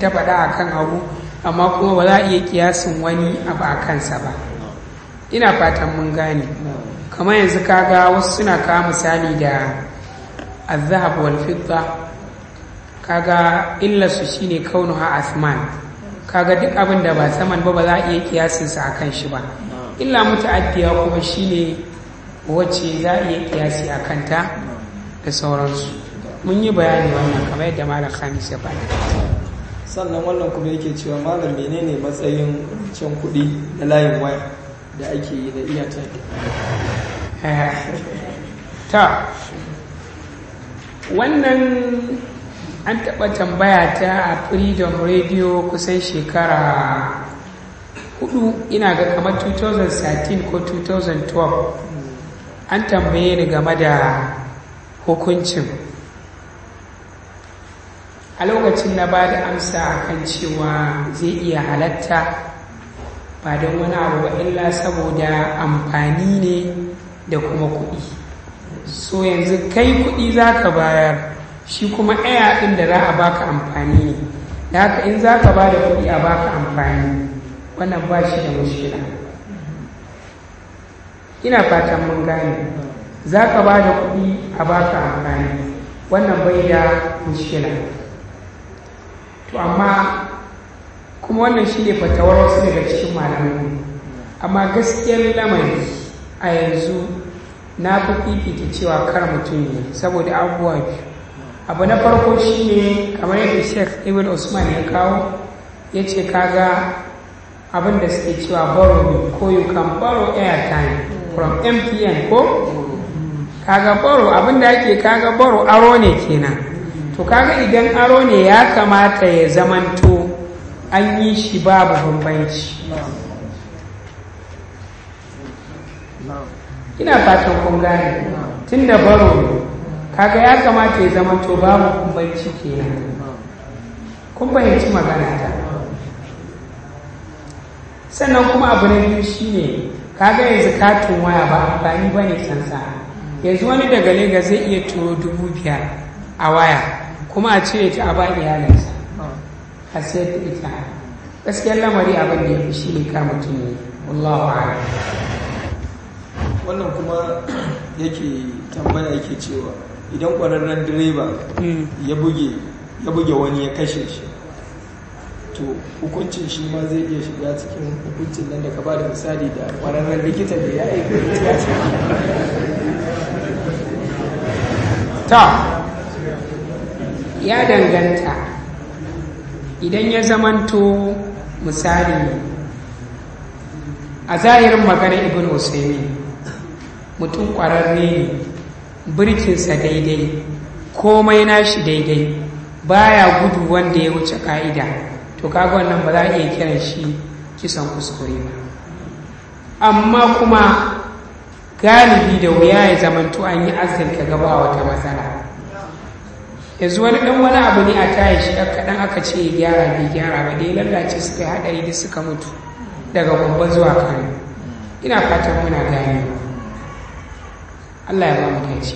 ta faɗa a kan abu amma kuma ba za a iya kiyasin wani abu a kansa ba ina fatan mun gane kamar yanzu kaga wasu suna kawo misali da azhab wal fitta kaga illa su shine kaunuha asman kaga duk abin da ba saman ba ba za a iya kiyasin sa akan shi ba illa muta'addiya kuma shine wacce za a iya kiyasi a kanta da sauransu mun yi bayani wannan kamar yadda malam khamis ya faɗi sannan wannan kuma yake cewa malam menene matsayin rancen kuɗi na layin waya da ake yi da iya ta wannan an taɓa tambaya ta a freedom radio kusan shekara hudu ina ga kamar 2013 ko 2012 an tambaye ni game da hukuncin a lokacin na ba da amsa kan cewa zai iya halatta ba don wani abu ba illa saboda amfani ne da kuma kuɗi so yanzu kai kuɗi za ka bayar shi kuma ɗaya ɗin da za a baka amfani ne da haka in za ka ba da kuɗi a baka amfani wannan ba shi da mashina. ina fatan mun gane za ka ba da kuɗi a baka amfani wannan bai da mashina. to amma kuma wannan shi ne fatawar wasu daga cikin malamai, amma gaskiyar lamari a yanzu na fi fifita cewa kar mutum ne saboda abubuwa biyu abu na farko shi ne kamar yadda shek ibn usman ya kawo ya ce kaga abin da suke cewa baro ne, ko you can borrow airtime from mtn ko kaga baro abin da ake kaga baro aro ne kenan to kaga idan aro ne ya kamata ya zamanto an yi shi babu bambanci ina fatan kun gane tun da baro kaga ya kamata ya zamanto babu bambanci kenan kun fahimci magana ta sannan kuma abu na biyu ne kaga yanzu katin waya ba amfani ba ne sansa yanzu wani daga Legas zai iya turo dubu biyar a waya kuma a cire ta a ba iyalinsa a sayar da ita gaskiyar lamari abin da ya fi shi ne kama tuni wallahu wannan kuma yake tambaya yake cewa idan kwararren direba hmm. ya buge wani ya kashe shi to hukuncin shi ma zai iya shiga cikin hukuncin nan da ka ba da misali da ƙwararren likita da ya aika ta ya danganta idan ya zamanto misali a zahirin maganar ibn usaimin mutum ƙwararre ne birkinsa daidai komai nashi daidai baya gudu wanda ya wuce ka'ida to kaga wannan ba za a iya kiran shi kisan kuskure ba amma kuma galibi da wuya ya zamanto an yi azirka gaba wata matsala yanzu wani ɗan wani abu ne a tayi shi kaɗan aka ce ya gyara bai gyara ba dai lallace suka yi haɗari da suka mutu daga babban zuwa kano ina fatan muna gane allah ya ba mu dace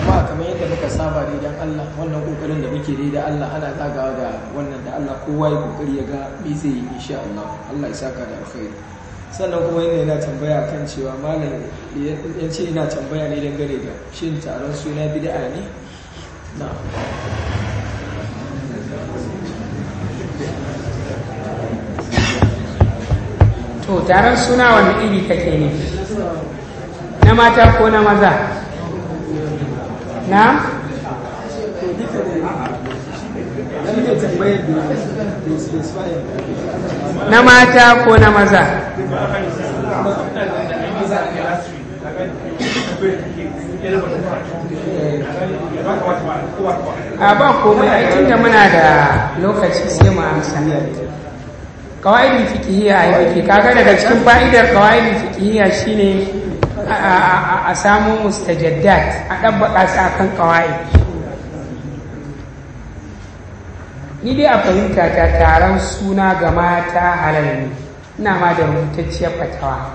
amma kamar yadda muka saba dai dan allah wannan kokarin da muke dai da allah ana zagawa da wannan da allah kowa ya kokari ya ga me zai yi insha allah allah ya saka da alkhairi sannan kuma yana yana tambaya kan cewa malam ya ce ina tambaya ne dangane da shin taron suna bid'a ne to taron suna wani iri kake ne na mata ko na maza na na mata ko na maza a ba komai ai tunda muna da lokaci sai mu amsa kawaidin fikihiyya ya yake kaga daga cikin fa'idar kawaidin fikihiyya shine a samu mustajaddat a dabbaka su akan kawai ni dai a fahimta ta taron suna ga mata halal ne ina ma da rubutacciyar fatawa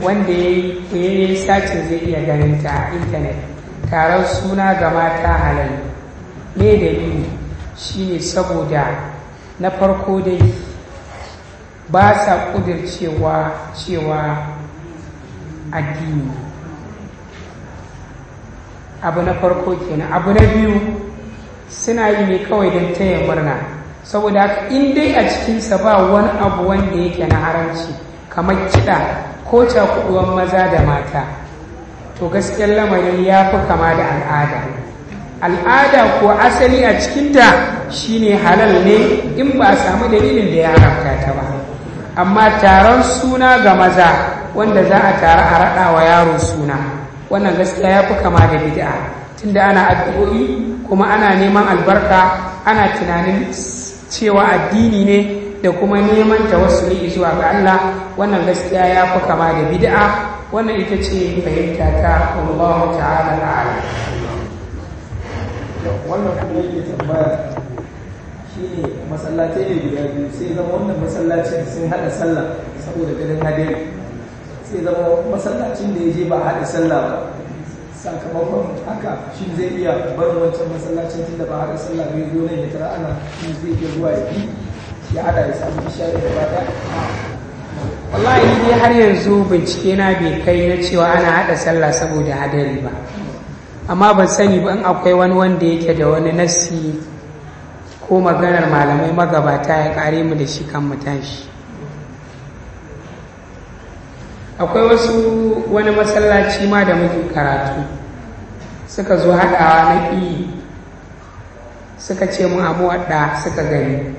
wanda ya yi sacin zai iya ganin ta a intanet taron suna ga mata halayi ne da shi shine saboda na farko dai ba sa ƙudircewa cewa addini abu na farko kenan abu na biyu suna yi ne kawai don taya murna saboda haka in dai a cikinsa ba wani abu wanda yake na haramci kamar kiɗa ko cakuɗuwan maza da mata to gaskiyar lamarin ya fi kama da al'ada al'ada ko asali a cikinta shine halal ne in ba a samu dalilin da ya haramta ta ba amma taron suna ga maza wanda za a tara a raɗa wa yaro suna wannan gaskiya ya fi kama da bid'a tunda ana addu'o'i kuma ana neman albarka ana tunanin cewa addini ne da kuma neman ta wasu ne zuwa ga Allah wannan gaskiya ya fi kama da bid'a wannan ita ce fahimta ta Allah ta'ala ala wannan kuma yake tambaya shi ne masallatai ne guda biyu sai zama wannan masallacin sun hada sallah saboda ganin hadari sai zama masallacin da ya je ba hada sallah ba sakamakon haka shi zai iya barin wancan masallacin tunda ba hada sallah bai zo nan ya tara ana shi zai iya zuwa ya hada ya samu isha'i da ba wallahi dai har yanzu bincike na bai kai na cewa ana haɗa sallah saboda hadari ba amma ban sani ba in akwai wani wanda yake da wani nassi ko maganar malamai magabata ya kare mu da shi kan mu tashi akwai wasu wani masallaci ma da muke karatu suka zo haɗawa na ƙi suka ce mu amu waɗa suka gani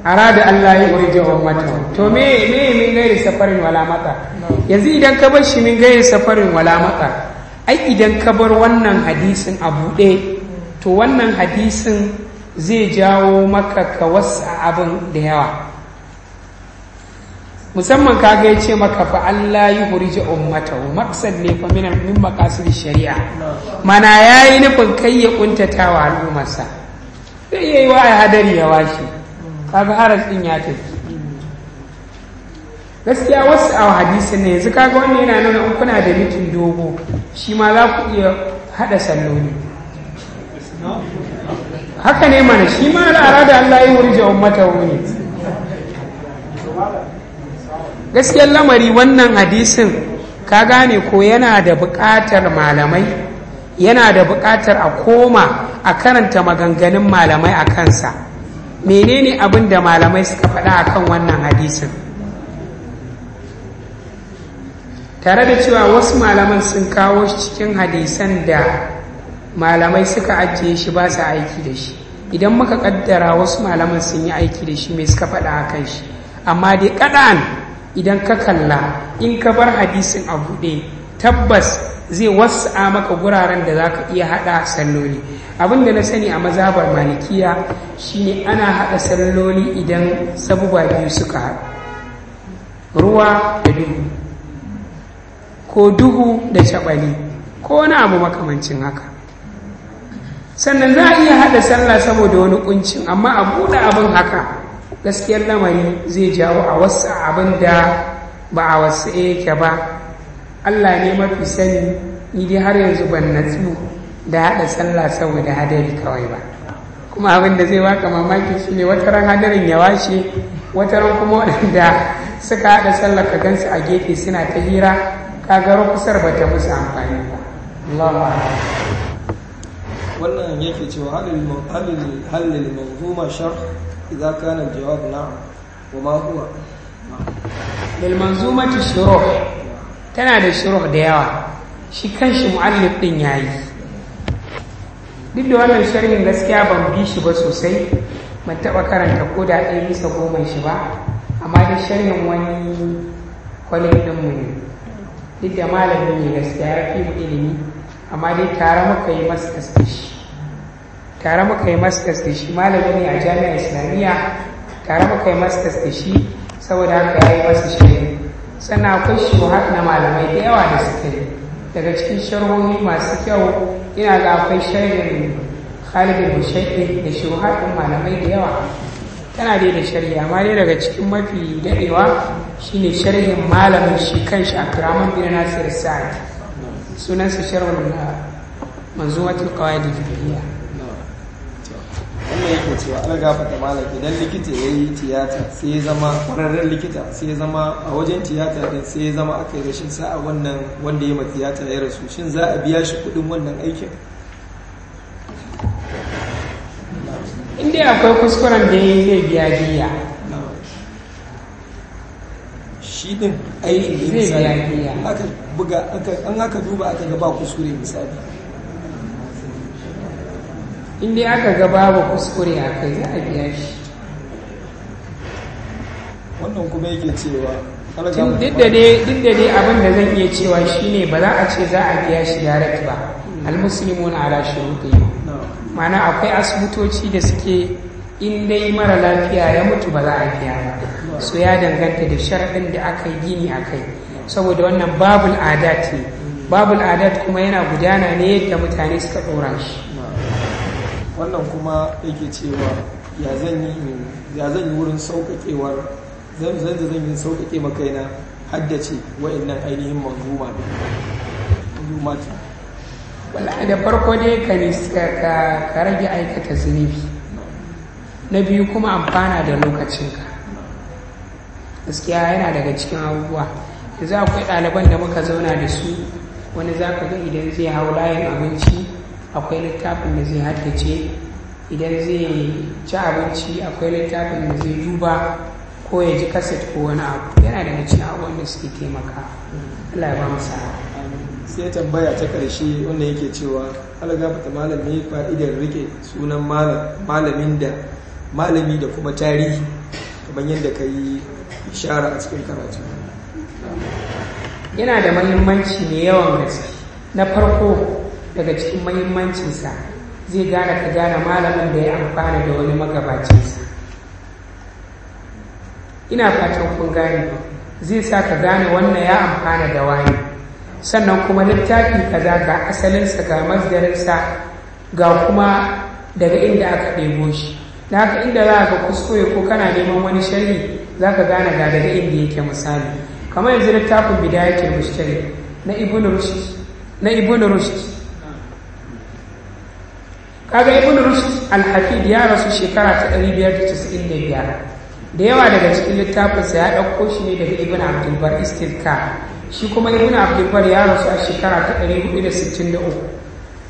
arada Allah ya urje ummata to me me min gairi safarin wala mata yanzu idan ka bar shi min gairi safarin wala mata ai idan ka bar wannan hadisin a bude to wannan hadisin zai jawo maka ka wasu abin da yawa musamman ka ya ce maka fa Allah yi hurji ummata maksad ne fa min min maqasid shari'a mana yayi nufin kai ya kuntatawa al'ummarsa zai yi wa hadari ya washe kaga aras din ya tafi gaskiya wasu a hadisi ne yanzu kaga wani yana nuna in kuna da mitin dogo shi ma za ku iya haɗa salloli haka ne mana shi ma al'ara da Allah yi wurje ummata wuni. gaskiyar lamari wannan hadisin ka gane ko yana da buƙatar malamai yana da buƙatar a koma a karanta maganganun malamai a kansa menene abin da malamai suka faɗa a kan wannan hadisin tare da cewa wasu malaman sun kawo shi cikin hadisan da malamai suka ajiye shi ba su aiki da shi idan muka kaddara wasu malaman sun yi aiki da shi mai suka faɗa a kan shi amma dai kaɗan idan ka kalla in ka bar hadisin a buɗe tabbas zai wasa maka guraren da za ka iya haɗa salloli abinda na sani a mazabar malikiya shine ana haɗa salloli idan sabuwa biyu suka haɗu ruwa da duhu ko duhu da shaɓali ko wani abu makamancin haka sannan za a iya haɗa sallah saboda wani ƙuncin, amma a buɗe abin haka gaskiyar lamari zai jawo a wasu abin da ba a wasu yake ba Allah ne mafi sani ni dai har yanzu ban natsu da haɗa sallah saboda hadari kawai ba kuma abin da zai waka mamaki ne, wata ran hadarin ya washe wata ran kuma waɗanda suka haɗa sallah ka gansu a gefe suna ta hira ka kagar kusar ba ta musu amfani ba Allah wannan ke cewa halin manzuma shar idza kana jawab na'am wa ma huwa lil manzumati shuruh tana da shuruh da yawa shi kanshi mu'allif din yayi duk da wannan sharhin gaskiya ban bi shi ba sosai ban taɓa karanta ko da ɗaya bisa goma shi ba amma da sharhin wani kwalin mu ne duk da malamin ne gaskiya ya fi mu ilimi amma dai tare muka yi maskas da shi tare muka yi maskas da shi malamin ne a jami'ar islamiyya tare muka yi maskas da shi saboda haka ya yi masa shirin sannan akwai shuhat na malamai da yawa da suka yi daga cikin sharhohi masu kyau ina ga akwai sharhin khalid mushaɗi da shuhat malamai da yawa tana dai da shari'a amma dai daga cikin mafi daɗewa shine sharhin malamin shi kan shi a kiraman bin nasir sa'ad sunansa sharhul manzumatul qawaid da fiqhiyya cewa an gafata malam idan likita ya yi tiyata sai ya zama kwararren likita sai ya zama a wajen tiyata din sai ya zama aka yi rashin sa'a wannan wanda ya ma tiyata ya rasu shin za a biya shi kudin wannan aikin inda akwai kuskuren da ya zai biya jiya shi din aiki ne misali an aka duba aka ga kuskure misali indai aka ga babu kuskure a kai za a biya shi wannan kuma yake cewa da abin da zan iya cewa shi ne ba za a ce za a biya shi direct ba almuslimun ala yi mana akwai asibitoci da suke in dai mara lafiya ya mutu ba za a biya ba so ya danganta da sharaɗin da aka yi gini a kai saboda wannan babul adat ne babul adat kuma yana gudana ne yadda mutane suka ɗora shi wannan kuma yake cewa ya zan yi wurin sauƙaƙewar zan da zan yi sauƙaƙe makaina haddace wa'annan ainihin manzuma da ce wala da farko dai ka rage aikata zunubi na biyu kuma amfana da lokacinka gaskiya yana daga cikin abubuwa yanzu akwai ɗaliban da muka zauna da su wani za ka ga idan zai hau layin abinci akwai littafin da zai haddace idan zai ci abinci akwai littafin da zai duba ko ya ji kaset ko wani abu yana da cikin wanda da suke taimaka Allah ya ba masa sai tambaya ta karshe wanda yake cewa algafata malami fa'idar rike sunan malamin da malami da kuma tarihi kamar yadda ka yi ishara a cikin karatu yana da mahimmanci mai yawan gaske na farko daga cikin mahimmancinsa zai gane ka gane malamin da ya amfana da wani magabacinsa ina fatan kun gane zai sa ka gane wannan ya amfana da wani sannan kuma littafi kaza ga asalinsa ga masdarinsa ga kuma daga inda aka ɗebo shi da haka inda za ka kuskure ko kana neman wani sharri za ka gane ga daga inda yake misali kamar yanzu littafin bidayatul mushtari na ibn rushd na Ibnu rushd kaga ibn rushd al-hafid ya rasu shekara ta 595 da yawa daga cikin littafinsa ya ɗauko shi ne daga ibn abdulbar istilka shi kuma ibn abdulbar ya rasu a shekara ta 463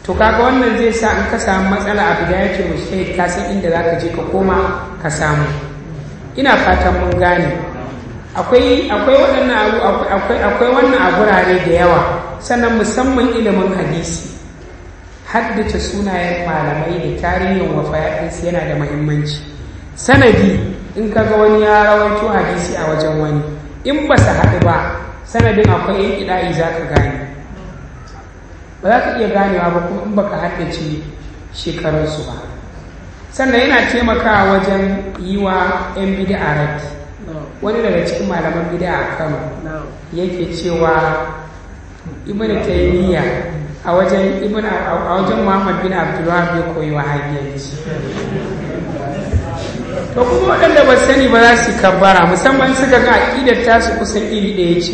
to kaga wannan zai sa in ka samu matsala a da yake ka san inda za ka je ka koma ka samu ina fatan mun gane akwai waɗannan akwai wannan a gurare da yawa sannan musamman ilimin hadisi haddace sunayen malamai da tarihin wafayaɗinsu yana da mahimmanci sanadi in kaga wani ya rawaito hadisi a wajen wani in ba su haɗu ba sanadin akwai yin ƙida'i za ka gane ba za ka iya ganewa ba kuma in ba ka haddace shekarunsu ba sannan yana taimakawa wajen yi wa 'yan bida'a raki wani daga cikin malaman bida'a kano yake cewa ibn taymiya a wajen ibn a wajen muhammad bin abdullahab ya koyi wahabiyanci to kuma waɗanda ba sani ba za su kabbara musamman suka ga aƙidar su kusan iri ɗaya ce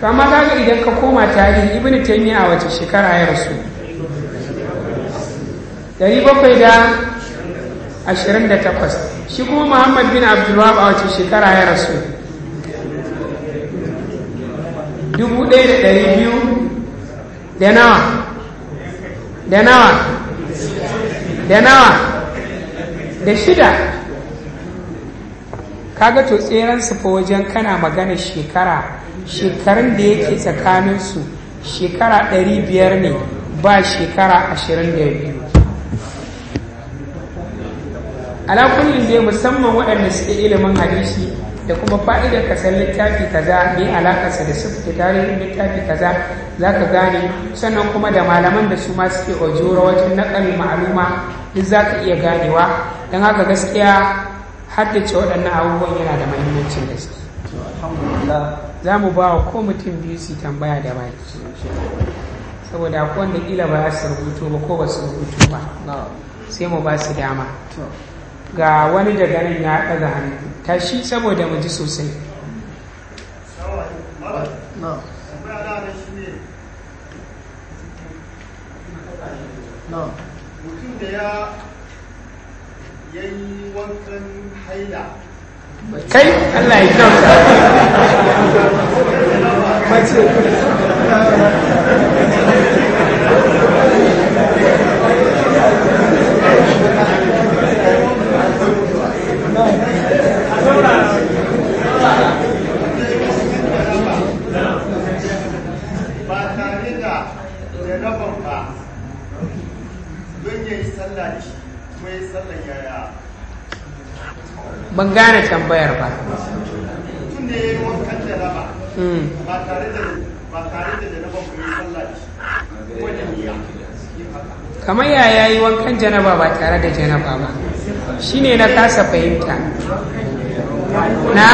to amma kaga idan ka koma tarihi ibn taymiya a wace shekara ya rasu Dari bakwai da ashirin da takwas shi kuma muhammad bin abdullahab a wace shekara ya rasu dubu ɗaya da ɗari biyu da nawa da nawa da nawa da shida kaga to tseransu fa wajen kana magana shekara shekarun da yake tsakaninsu shekara 500 ne ba shekara 22 Alakunin zai ya musamman waɗanda suke ilimin hadisi da kuma fa'idar ka san littafi kaza ne alakarsa da suke tarihin littafi kaza za ka gane sannan kuma da malaman da su ma suke ojura wajen naƙalin ma'aluma duk za ka iya ganewa don haka gaskiya haddace waɗannan abubuwan yana da mahimmancin gaske za mu ba wa ko mutum biyu su tambaya da baki saboda akwai wanda kila ba su rubutu ba ko ba su rubutu ba sai mu ba su dama ga wani daga nan ya ɗaga hannu tashi saboda maji sosai mutum da ya yi wankan haida. kai Allah ya kyauta ban gane tambayar ba kamar yaya yi wankan janaba ba tare da janaba ba shine na kasa fahimta na?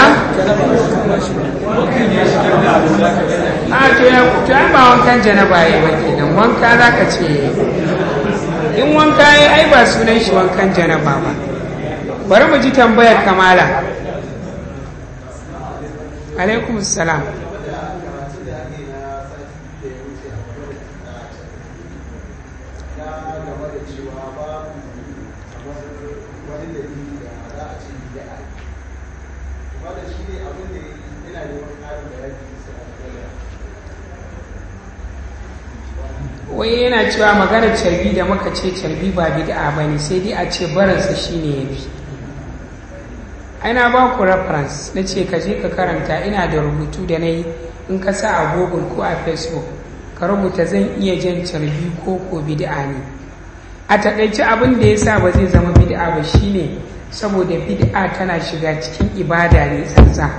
a ah, to ya ba wankan janaba ya yi ba wanka za ka ce in wanka ya ai ba sunan shi wankan janaba ba bari mu ji tambayar kamala alaikum salam wai yana cewa maganar carbi da maka ce carbi ba bid'a ba ne sai dai a ce baransa shine ya fi ana ba ku reference na ce ka je ka karanta ina da rubutu da na yi in ka sa a google ko a facebook ka rubuta zan iya jan carbi ko ko bid'a ne a takaice abin da ya sa ba zai zama bid'a ba shine saboda bid'a tana shiga cikin ibada ne tsantsa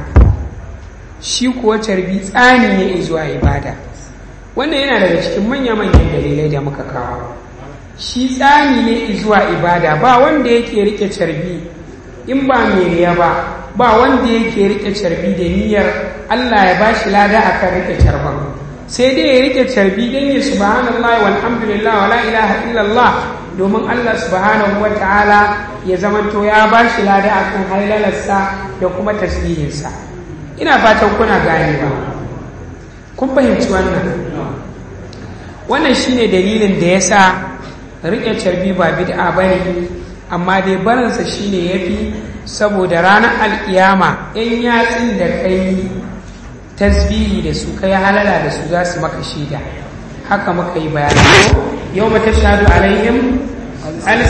shi kuwa carbi tsani ne zuwa ibada wannan yana daga cikin manya-manyan dalilai da muka kawo shi tsani ne zuwa ibada ba wanda yake rike carbi in ba ya ba ba wanda yake rike carbi da niyyar allah ya ba shi lada a kan rike carban sai dai ya rike carbi don yi subhanallah alhamdulillah wala ilaha illallah domin allah subhanahu wa ta'ala ya zamanto ya ba shi lada a kan hailalarsa da kuma tasirinsa ina fatan kuna gane ba kun fahimci wannan wannan shine dalilin da ya sa riƙe carbi ba bid'a da bari amma dai barinsa shine ya fi saboda ranar alƙiyama 'yan yatsin da kai tasbihi da su kai halala da su za su maka shida haka muka yi bayani yau mata shahadu alaihim